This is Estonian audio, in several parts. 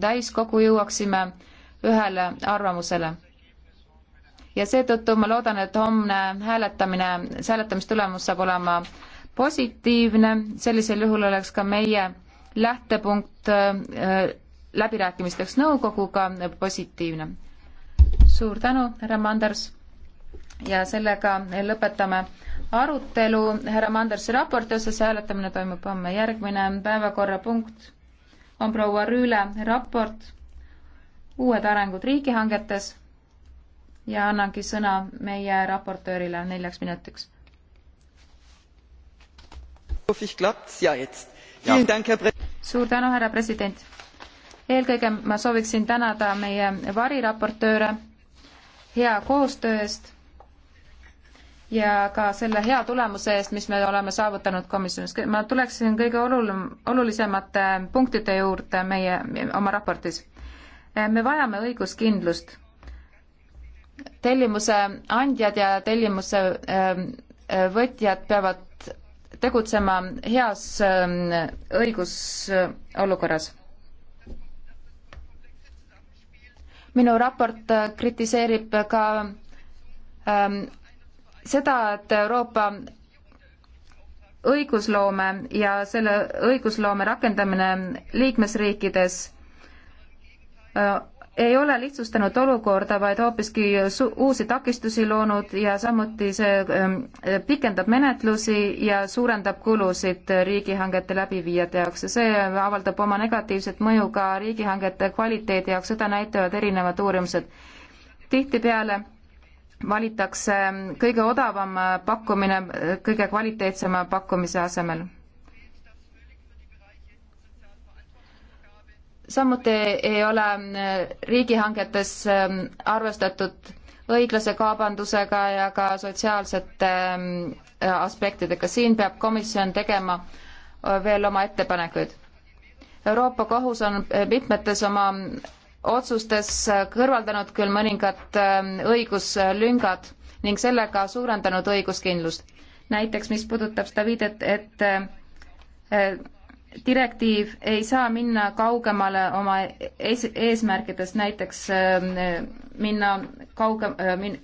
täiskogu jõuaksime ühele arvamusele. ja seetõttu ma loodan, et homne hääletamine, see hääletamistulemus saab olema positiivne, sellisel juhul oleks ka meie lähtepunkt äh, läbirääkimisteks nõukoguga positiivne. suur tänu, härra Manders ja sellega lõpetame arutelu härra Mandersi raporti osas, hääletamine toimub homme, järgmine päevakorrapunkt on proua Rüüle raport Uued arengud riigihangetes ja annangi sõna meie raportöörile neljaks minutiks. suur tänu, härra president. eelkõige ma sooviksin tänada meie variraportööre hea koostöö eest ja ka selle hea tulemuse eest, mis me oleme saavutanud komisjonis. ma tuleksin kõige olulum, olulisemate punktide juurde meie, oma raportis. me vajame õiguskindlust. tellimuse andjad ja tellimuse ähm, võtjad peavad tegutsema heas ähm, õigusolukorras minu raport kritiseerib ka ähm, seda, et Euroopa õigusloome ja selle õigusloome rakendamine liikmesriikides äh, ei ole lihtsustanud olukorda, vaid hoopiski uusi takistusi loonud ja samuti see ähm, pikendab menetlusi ja suurendab kulusid riigihangete läbiviijate jaoks ja see avaldab oma negatiivset mõju ka riigihangete kvaliteedi jaoks, seda näitavad erinevad uurimused. tihtipeale valitakse kõige odavam pakkumine kõige kvaliteetsema pakkumise asemel. samuti ei ole riigihangetes arvestatud õiglase kaubandusega ja ka sotsiaalsete ähm, aspektidega, siin peab komisjon tegema äh, veel oma ettepanekuid. Euroopa Kohus on äh, mitmetes oma otsustes kõrvaldanud küll mõningad ähm, õiguslüngad ning sellega suurendanud õiguskindlust. näiteks mis puudutab seda viidet, et äh, äh, direktiiv ei saa minna kaugemale oma ees, eesmärkidest, näiteks ähm, äh, minna kaugem-, min-,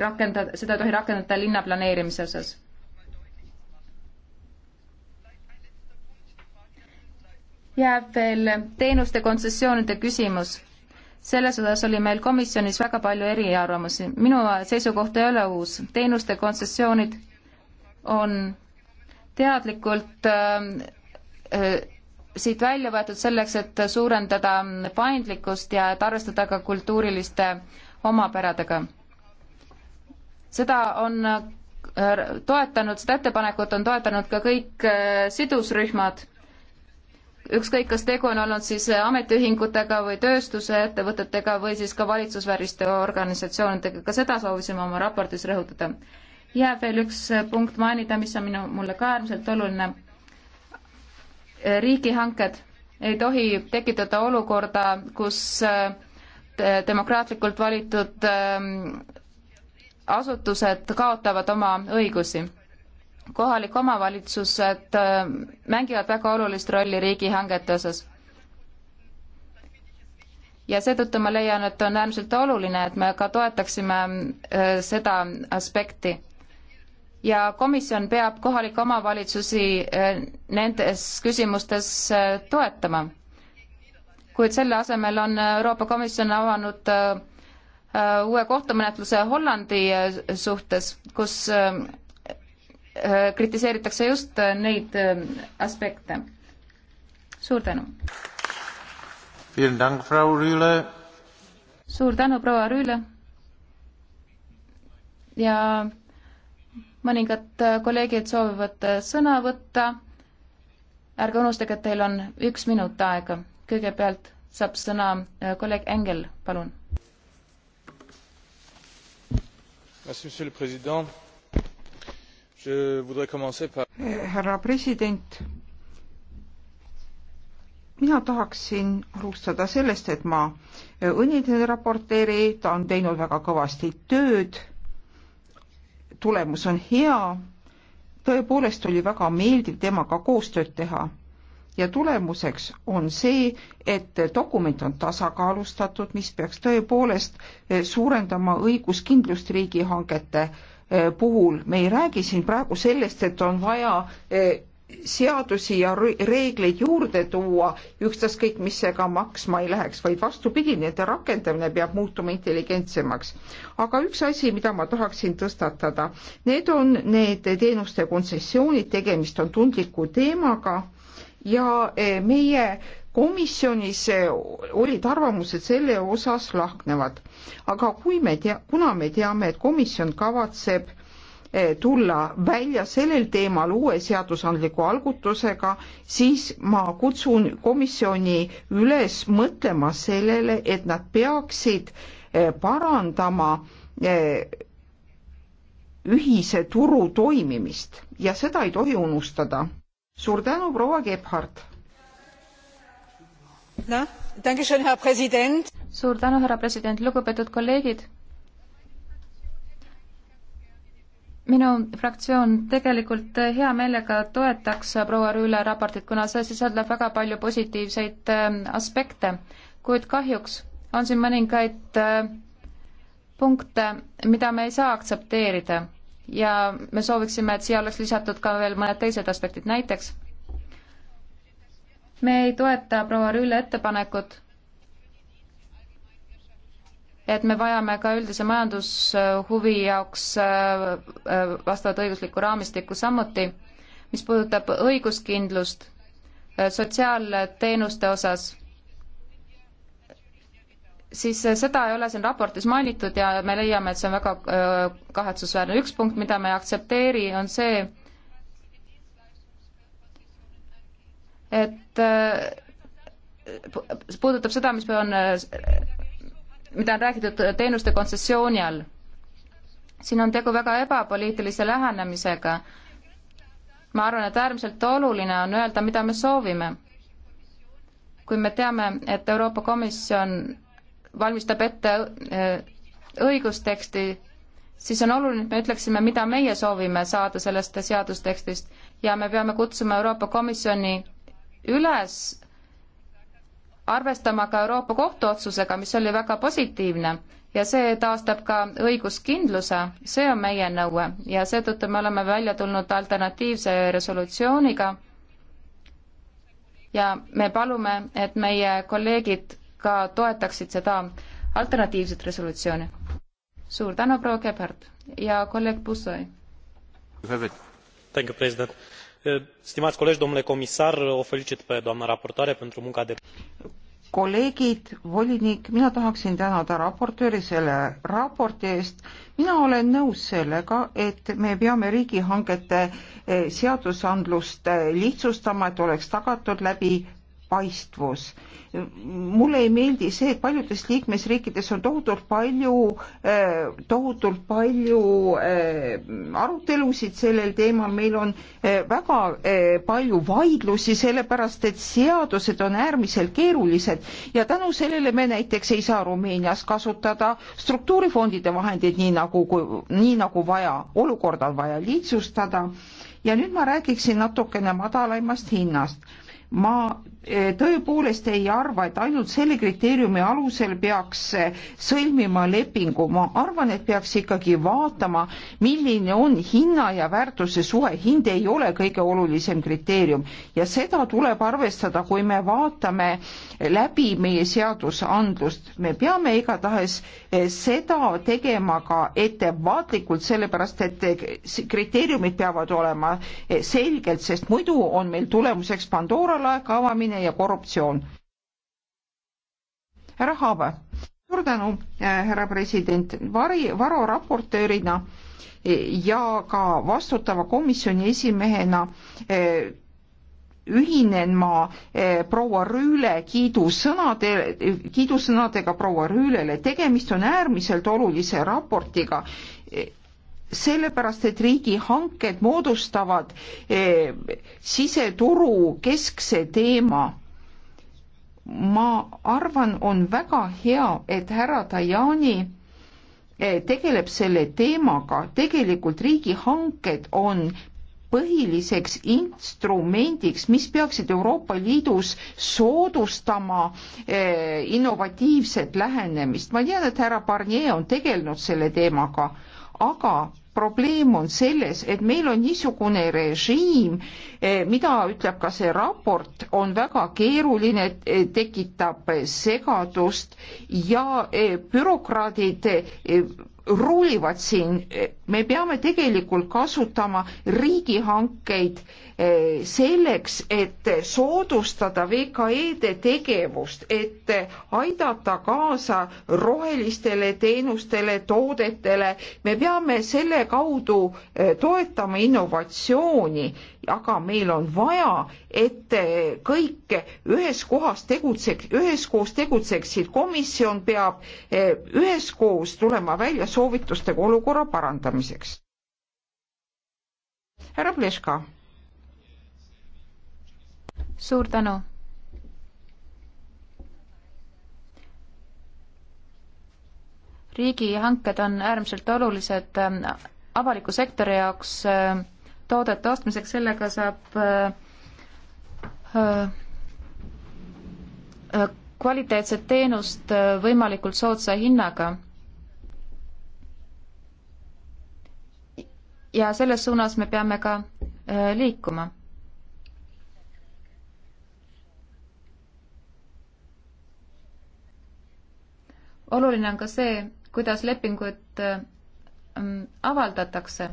rakendada, seda ei tohi rakendada linnaplaneerimise osas. jääb veel teenuste kontsessioonide küsimus. selles osas oli meil komisjonis väga palju eriarvamusi. minu seisukoht ei ole uus. teenuste kontsessioonid on teadlikult äh, äh siit välja võetud selleks, et suurendada paindlikkust ja et arvestada ka kultuuriliste omapäradega. seda on äh, toetanud, seda ettepanekut on toetanud ka kõik äh, sidusrühmad ükskõik, kas tegu on olnud siis ametiühingutega või tööstuse ettevõtetega või siis ka valitsusväliste organisatsioonidega, ka seda soovisime oma raportis rõhutada. jääb veel üks punkt mainida, mis on minu, mulle ka äärmiselt oluline. riigihanked ei tohi tekitada olukorda, kus äh, demokraatlikult valitud ähm, asutused kaotavad oma õigusi kohalik omavalitsused äh, mängivad väga olulist rolli riigihangete osas. ja seetõttu ma leian, et on äärmiselt oluline, et me ka toetaksime äh, seda aspekti. ja komisjon peab kohalikke omavalitsusi äh, nendes küsimustes toetama. kuid selle asemel on Euroopa Komisjon avanud uue kohtumenetluse Hollandi suhtes, kus Äh, kritiseeritakse just äh, neid äh, aspekte. suur tänu. suur tänu, proua Rüüle. ja mõningad kolleegid soovivad sõna võtta. ärge unustage, et teil on üks minut aega. kõigepealt saab sõna kolleeg Engel, palun. Merci, monsieur le président härra president, mina tahaksin alustada sellest, et ma äh, õnnitlen raporteeri, ta on teinud väga kõvasti tööd, tulemus on hea, tõepoolest oli väga meeldiv temaga koostööd teha ja tulemuseks on see, et dokument on tasakaalustatud, mis peaks tõepoolest äh, suurendama õiguskindlust riigihangete äh, Äh, puhul me ei räägi siin praegu sellest, et on vaja äh, seadusi ja reegleid juurde tuua, ükstaskõik mis see ka maksma ei läheks, vaid vastupidi, nende rakendamine peab muutuma intelligentsemaks. aga üks asi, mida ma tahaksin tõstatada, need on need teenuste kontsessioonid, tegemist on tundliku teemaga ja äh, meie komisjonis olid arvamused selle osas lahknevad, aga kui me tea, kuna me teame, et komisjon kavatseb eh, tulla välja sellel teemal uue seadusandliku algutusega, siis ma kutsun komisjoni üles mõtlema sellele, et nad peaksid eh, parandama eh, ühise turu toimimist ja seda ei tohi unustada. suur tänu, proua Gebhard! No? suur tänu, härra president, lugupeetud kolleegid. minu fraktsioon tegelikult hea meelega toetaks proua Rüüle raportit, kuna see sisaldab väga palju positiivseid ähm, aspekte, kuid kahjuks on siin mõningaid äh, punkte, mida me ei saa aktsepteerida ja me sooviksime, et siia oleks lisatud ka veel mõned teised aspektid, näiteks me ei toeta proua Rüüle ettepanekut, et me vajame ka üldise majandushuvi jaoks äh, äh, vastavat õiguslikku raamistikku samuti, mis puudutab õiguskindlust äh, sotsiaalteenuste osas, siis seda ei ole siin raportis mainitud ja me leiame, et see on väga kahetsusväärne. üks punkt, mida me ei aktsepteeri, on see, et äh, puudutab seda, mis on, äh, mida on räägitud teenuste kontsessiooni all. siin on tegu väga ebapoliitilise lähenemisega. ma arvan, et äärmiselt oluline on öelda, mida me soovime. kui me teame, et Euroopa Komisjon valmistab ette äh, õigusteksti, siis on oluline, et me ütleksime, mida meie soovime saada sellest seadustekstist ja me peame kutsuma Euroopa Komisjoni üles arvestama ka Euroopa Kohtu otsusega, mis oli väga positiivne ja see taastab ka õiguskindluse, see on meie nõue ja seetõttu me oleme välja tulnud alternatiivse resolutsiooniga. ja me palume, et meie kolleegid ka toetaksid seda alternatiivset resolutsiooni. suur tänu, proua Gebhard ja kolleeg Bussoi stimai colegi domnule comisar o felicit pe doamna raportoare pentru munca depusă kolleegid, volinik, mina tahaksin tänada raportööri selle raporti eest. mina olen nõus sellega, et me peame riigihangete eh, seadusandlust eh, lihtsustama, et oleks tagatud läbi läbipaistvus. mulle ei meeldi see, et paljudes liikmesriikides on tohutult palju, eh, tohutult palju eh, arutelusid sellel teemal, meil on eh, väga palju vaidlusi, sellepärast et seadused on äärmiselt keerulised ja tänu sellele me näiteks ei saa Rumeenias kasutada struktuurifondide vahendeid nii nagu, nii nagu vaja, olukorda on vaja lihtsustada ja nüüd ma räägiksin natukene madalamast hinnast ma tõepoolest ei arva, et ainult selle kriteeriumi alusel peaks äh, sõlmima lepingu, ma arvan, et peaks ikkagi vaatama, milline on hinna ja väärtuse suhe, hind ei ole kõige olulisem kriteerium ja seda tuleb arvestada, kui me vaatame läbi meie seadusandlust, me peame igatahes äh, seda tegema ka ettevaatlikult, sellepärast et äh, kriteeriumid peavad olema selgelt, sest muidu on meil tulemuseks Pandora laeka avamine, laine ja korruptsioon. härra Haaba, suur tänu, äh, härra president, vari, varoraportöörina äh, ja ka vastutava komisjoni esimehena äh, ühinen ma proua Rüüle kiidusõnade, kiidusõnadega proua Rüülele, tegemist on äärmiselt olulise raportiga sellepärast, et riigihanked moodustavad eh, siseturu keskse teema. ma arvan, on väga hea, et härra Tajani eh, tegeleb selle teemaga, tegelikult riigihanked on põhiliseks instrumendiks, mis peaksid Euroopa Liidus soodustama eh, innovatiivset lähenemist. ma tean, et härra Barnier on tegelenud selle teemaga aga probleem on selles, et meil on niisugune režiim, eh, mida ütleb ka see raport, on väga keeruline, eh, tekitab segadust ja eh, bürokraadid ruulivad siin, me peame tegelikult kasutama riigihankeid eh, selleks, et soodustada VKE-de tegevust, et aidata kaasa rohelistele teenustele, toodetele, me peame selle kaudu eh, toetama innovatsiooni aga meil on vaja, et kõik ühes kohas tegutseks, üheskoos tegutseksid, komisjon peab eh, üheskoos tulema välja soovitustega olukorra parandamiseks. härra Pleška. suur tänu. riigihanked on äärmiselt olulised ähm, avaliku sektori jaoks äh, toodete ostmiseks, sellega saab äh, äh, äh, kvaliteetset teenust võimalikult soodsa hinnaga. ja selles suunas me peame ka liikuma. oluline on ka see, kuidas lepingut mm, avaldatakse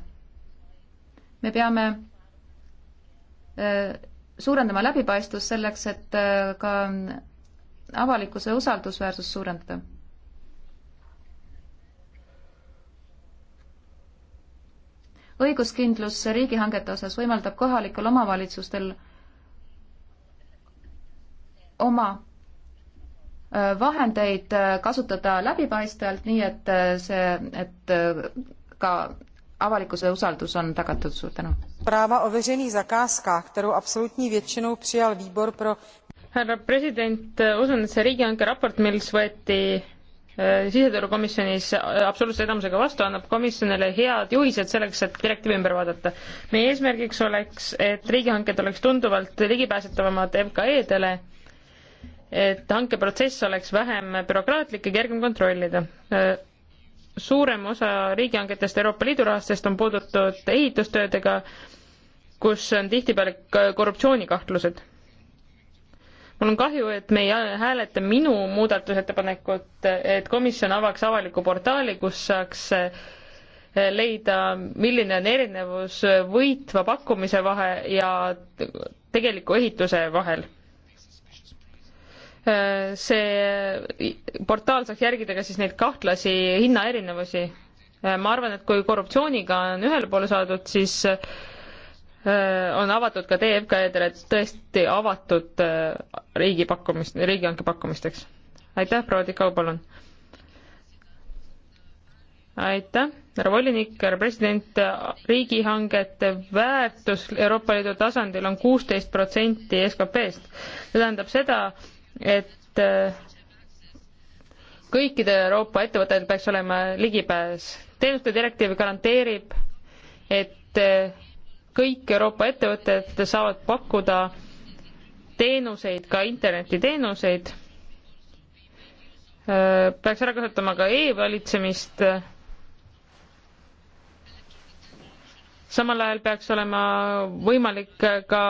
me peame äh, suurendama läbipaistvust selleks, et äh, ka avalikkuse usaldusväärsust suurendada. õiguskindlus riigihangete osas võimaldab kohalikel omavalitsustel oma äh, vahendeid kasutada läbipaistvalt, nii et see, et ka avalikkuse usaldus on tagatud, suur tänu. härra president, usun, et see riigihanke raport, milles võeti eh, siseturukomisjonis eh, absoluutse enamusega vastu, annab komisjonile head juhised selleks, et direktiivi ümber vaadata. meie eesmärgiks oleks, et riigihanked oleks tunduvalt ligipääsetavamad MKE-dele et hankeprotsess oleks vähem bürokraatlik ja kergem kontrollida. Eh, suurem osa riigihangetest Euroopa Liidu rahastest on puudutud ehitustöödega, kus on tihtipeale korruptsioonikahtlused. mul on kahju, et me ei hääleta minu muudatusettepanekut, et komisjon avaks avaliku portaali, kus saaks leida, milline on erinevus võitva pakkumise vahe ja tegeliku ehituse vahel Äh, see äh, portaal saaks järgida ka siis neid kahtlasi hinnaerinevusi. Äh, ma arvan, et kui korruptsiooniga on ühele poole saadud, siis on avatud ka TFK-dele tõesti avatud riigi pakkumist, riigihanke pakkumisteks. aitäh, proua Tikau, palun. aitäh, härra volinik, härra president, riigihangete väärtus Euroopa Liidu tasandil on kuusteist protsenti SKP-st. see tähendab seda, et äh, kõikidel Euroopa ettevõtetel peaks olema ligipääs. teenuste direktiiv garanteerib, et äh, kõik Euroopa ettevõtted saavad pakkuda teenuseid, ka internetiteenuseid. Äh, peaks ära kasutama ka e-valitsemist. samal ajal peaks olema võimalik ka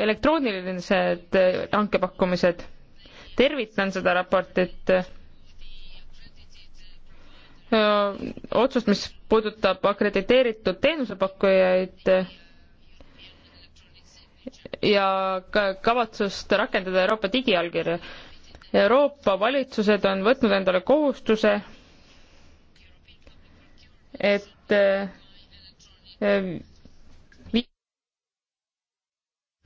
elektroonilised hankepakkumised tervitan seda raportit. otsust, mis puudutab akrediteeritud teenusepakkujaid ja kavatsust rakendada Euroopa digiallkirja. Euroopa valitsused on võtnud endale kohustuse, et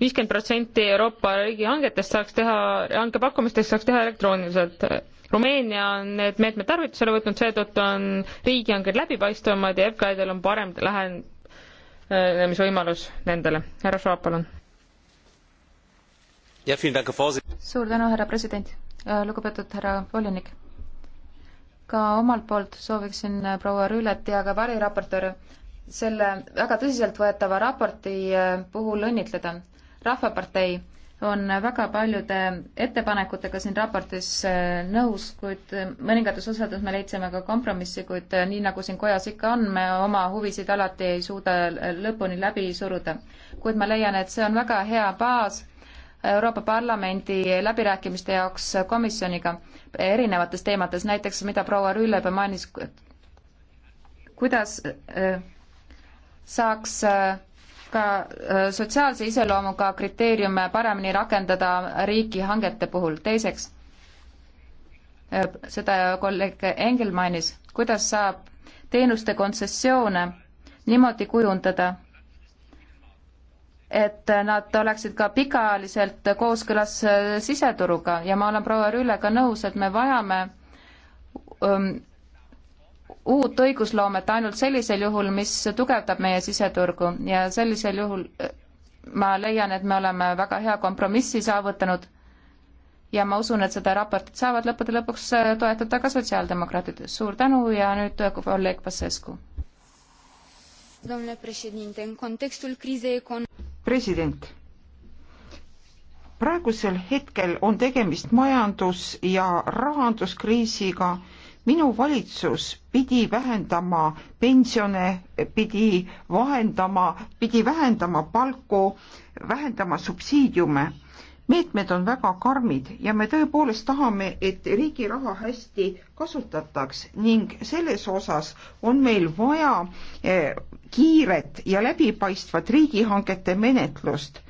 viiskümmend protsenti Euroopa riigihangetest saaks teha, hankepakkumistest saaks teha elektrooniliselt. Rumeenia on need meetmed tarvitusele võtnud, seetõttu on riigihanked läbipaistvamad ja FKI-del on parem lähenemisvõimalus nendele. härra Schwab, palun. suur tänu, härra president. lugupeetud härra volinik. ka omalt poolt sooviksin proua Rüület ja ka variraportööre selle väga tõsiseltvõetava raporti eh, puhul õnnitleda. Rahvapartei on väga paljude ettepanekutega siin raportis äh, nõus, kuid mõningates osades me leidsime ka kompromissi, kuid äh, nii nagu siin kojas ikka on, me oma huvisid alati ei suuda äh, lõpuni läbi suruda. kuid ma leian, et see on väga hea baas Euroopa Parlamendi läbirääkimiste jaoks komisjoniga erinevates teemades, näiteks mida proua Rüüle juba mainis, kuidas saaks ka äh, sotsiaalse iseloomuga kriteeriume paremini rakendada riigihangete puhul. teiseks, äh, seda kolleeg Engel mainis, kuidas saab teenuste kontsessioone niimoodi kujundada, et nad oleksid ka pikaajaliselt kooskõlas äh, siseturuga ja ma olen proua Rüülega nõus, et me vajame um, uut õigusloomet ainult sellisel juhul, mis tugevdab meie siseturgu ja sellisel juhul äh, ma leian, et me oleme väga hea kompromissi saavutanud ja ma usun, et seda raportit saavad lõppude lõpuks äh, toetada ka sotsiaaldemokraadid. suur tänu ja nüüd äh, kolleeg Pasescu. president, praegusel hetkel on tegemist majandus- ja rahanduskriisiga minu valitsus pidi vähendama pensione, pidi vahendama, pidi vähendama palku, vähendama subsiidiume. meetmed on väga karmid ja me tõepoolest tahame, et riigi raha hästi kasutataks ning selles osas on meil vaja eh, kiiret ja läbipaistvat riigihangete menetlust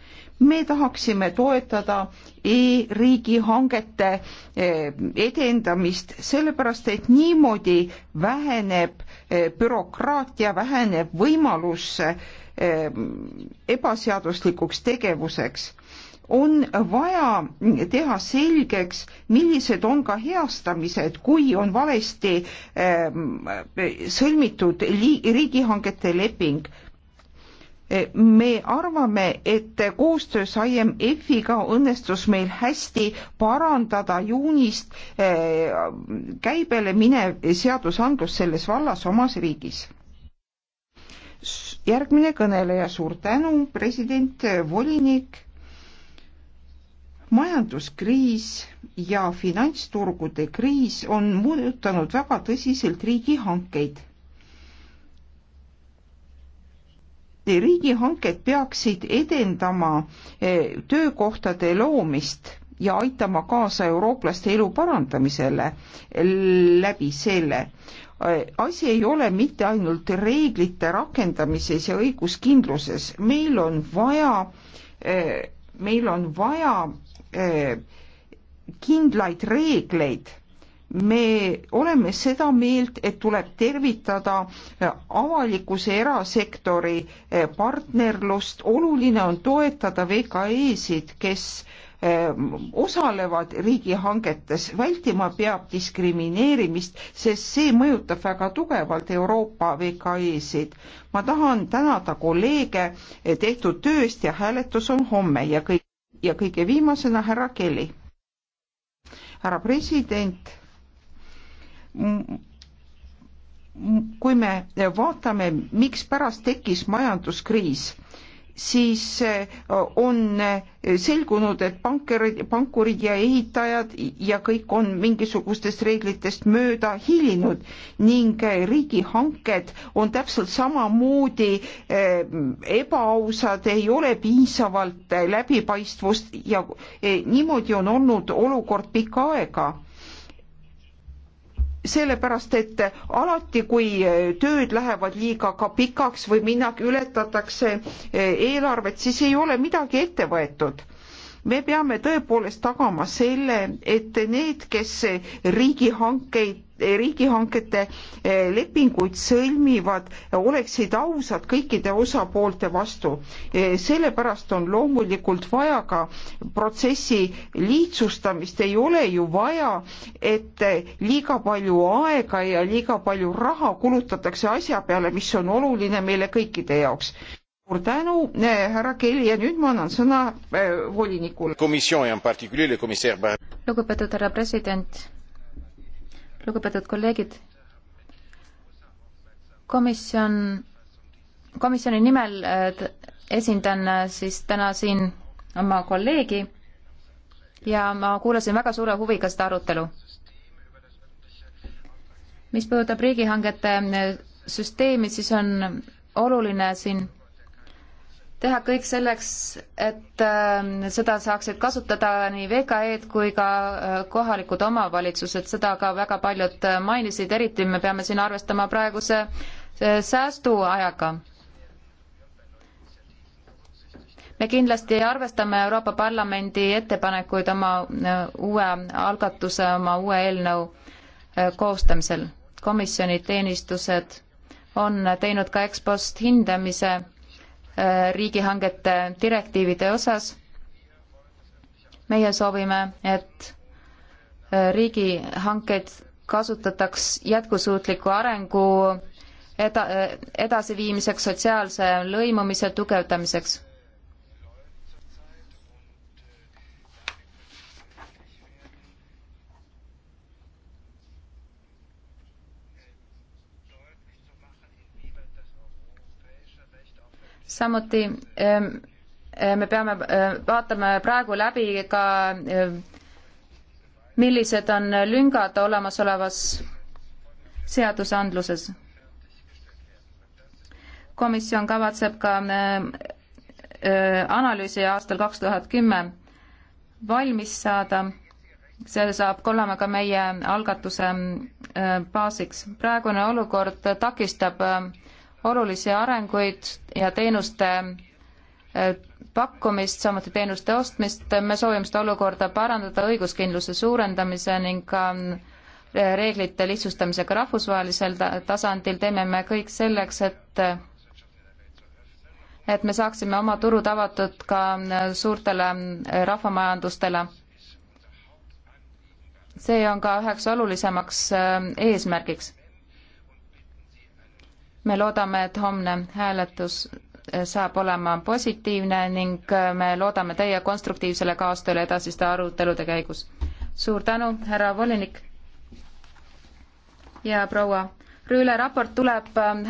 me tahaksime toetada e-riigi hangete eh, edendamist, sellepärast et niimoodi väheneb eh, bürokraatia, väheneb võimalus eh, ebaseaduslikuks tegevuseks on vaja teha selgeks, millised on ka heastamised, kui on valesti ähm, sõlmitud riigihangete leping me arvame, et koostöös IMF-iga õnnestus meil hästi parandada juunist eh, käibele minev seadusandlus selles vallas omas riigis. järgmine kõneleja, suur tänu, president, volinik. majanduskriis ja finantsturgude kriis on muutanud väga tõsiselt riigihankeid riigihanked peaksid edendama eh, töökohtade loomist ja aitama kaasa eurooplaste elu parandamisele eh, läbi selle. Eh, asi ei ole mitte ainult reeglite rakendamises ja õiguskindluses, meil on vaja, meil on vaja kindlaid reegleid me oleme seda meelt, et tuleb tervitada äh, avalikkuse erasektori äh, partnerlust, oluline on toetada VKE-sid, kes äh, osalevad riigihangetes, vältima peab diskrimineerimist, sest see mõjutab väga tugevalt Euroopa VKE-sid. ma tahan tänada kolleege tehtud tööst ja hääletus on homme ja kõik ja kõige viimasena härra Kelly. härra president kui me vaatame, mikspärast tekkis majanduskriis, siis eh, on eh, selgunud, et pankurid, pankurid ja ehitajad ja kõik on mingisugustest reeglitest mööda hiilinud ning eh, riigihanked on täpselt samamoodi ebaausad, ei ole piisavalt läbipaistvust ja niimoodi on olnud olukord pikka aega sellepärast, et alati, kui tööd lähevad liiga ka pikaks või midagi ületatakse eh, eelarvet, siis ei ole midagi ette võetud me peame tõepoolest tagama selle, et need, kes riigihankeid riigihangete eh, lepinguid sõlmivad, oleksid ausad kõikide osapoolte vastu. Eh, sellepärast on loomulikult vaja ka protsessi lihtsustamist, ei ole ju vaja, et eh, liiga palju aega ja liiga palju raha kulutatakse asja peale, mis on oluline meile kõikide jaoks. suur tänu, härra Kelly ja nüüd ma annan sõna äh, volinikule. lugupeetud härra president lugupeetud kolleegid, komisjon, komisjoni nimel eh, esindan eh, siis täna siin oma kolleegi ja ma kuulasin väga suure huviga seda arutelu. mis puudutab riigihangete eh, süsteemi, siis on oluline siin teha kõik selleks, et ähm, seda saaksid kasutada nii VKE-d kui ka äh, kohalikud omavalitsused, seda ka väga paljud äh, mainisid, eriti me peame siin arvestama praeguse äh, säästuajaga. me kindlasti arvestame Euroopa Parlamendi ettepanekuid oma uue algatuse, oma uue eelnõu koostamisel. komisjoni teenistused on teinud ka ekspost hindamise Äh, riigihangete direktiivide osas. meie soovime, et äh, riigihanked kasutataks jätkusuutliku arengu eda-, äh, edasiviimiseks, sotsiaalse lõimumise tugevdamiseks samuti ähm, äh, me peame, äh, vaatame praegu läbi ka, äh, millised on lüngad olemasolevas seadusandluses. komisjon kavatseb ka ähm, analüüsi aastal kaks tuhat kümme valmis saada. see saab olema ka meie algatuse ähm, baasiks. praegune olukord takistab olulisi arenguid ja teenuste eh, pakkumist, samuti teenuste ostmist, me soovime seda olukorda parandada õiguskindluse suurendamise ning ka eh, reeglite lihtsustamisega rahvusvahelisel tasandil teeme me kõik selleks, et et me saaksime oma turud avatud ka eh, suurtele rahvamajandustele. see on ka üheks olulisemaks eesmärgiks me loodame, et homne hääletus eh, saab olema positiivne ning eh, me loodame teie konstruktiivsele kaastööle edasiste arutelude käigus. suur tänu, härra volinik ja proua Rüüle raport tuleb eh,